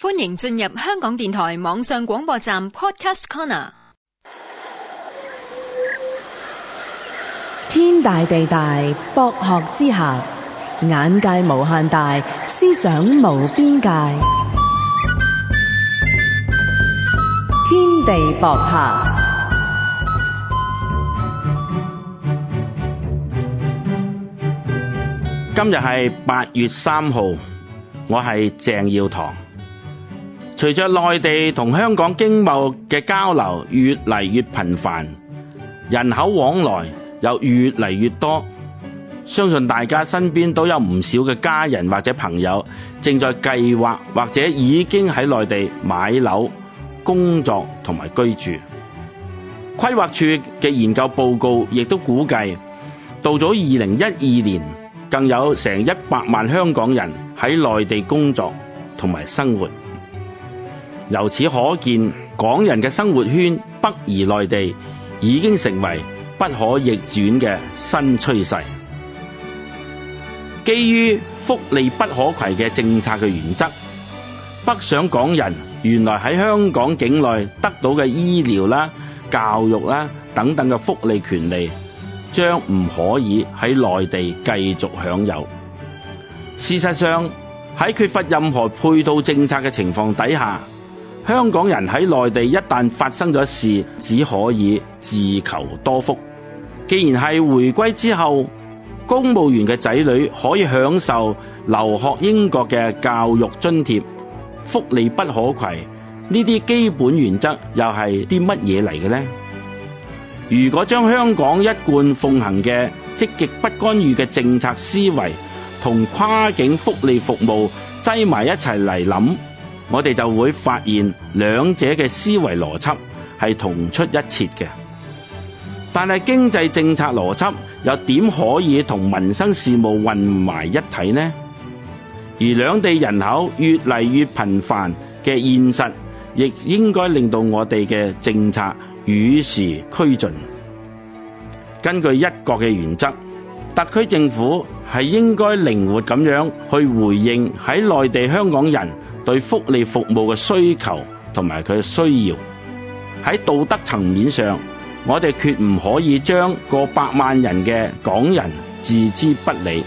歡迎進入香港電台網上廣播站 Podcast Corner。天大地大，博學之下，眼界無限大，思想無邊界。天地博客。今日係八月三號，我係鄭耀棠。隨着內地同香港經貿嘅交流越嚟越頻繁，人口往來又越嚟越多，相信大家身邊都有唔少嘅家人或者朋友正在計劃或者已經喺內地買樓、工作同埋居住。規劃署嘅研究報告亦都估計，到咗二零一二年，更有成一百萬香港人喺內地工作同埋生活。由此可見，港人嘅生活圈北移內地已經成為不可逆轉嘅新趨勢。基於福利不可攜嘅政策嘅原則，北上港人原來喺香港境內得到嘅醫療啦、教育啦等等嘅福利權利，將唔可以喺內地繼續享有。事實上，喺缺乏任何配套政策嘅情況底下，香港人喺內地一旦發生咗事，只可以自求多福。既然係回歸之後，公務員嘅仔女可以享受留學英國嘅教育津貼，福利不可攜。呢啲基本原則又係啲乜嘢嚟嘅呢？如果將香港一貫奉行嘅積極不干預嘅政策思維同跨境福利服務擠埋一齊嚟諗，我哋就會發現兩者嘅思維邏輯係同出一轍嘅，但係經濟政策邏輯又點可以同民生事務混埋一體呢？而兩地人口越嚟越頻繁嘅現實，亦應該令到我哋嘅政策與時俱進。根據一國嘅原則，特區政府係應該靈活咁樣去回應喺內地香港人。對福利服務嘅需求同埋佢嘅需要，喺道德層面上，我哋決唔可以將過百萬人嘅港人置之不理；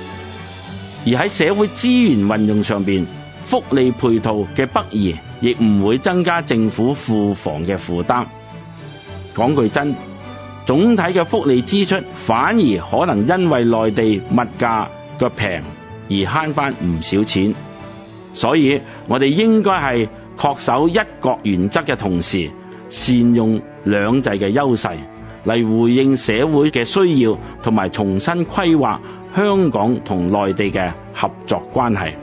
而喺社會資源運用上邊，福利配套嘅不義亦唔會增加政府庫房嘅負擔。講句真，總體嘅福利支出反而可能因為內地物價嘅平而慳翻唔少錢。所以我哋應該係確守一國原則嘅同時，善用兩制嘅優勢嚟回應社會嘅需要，同埋重新規劃香港同內地嘅合作關係。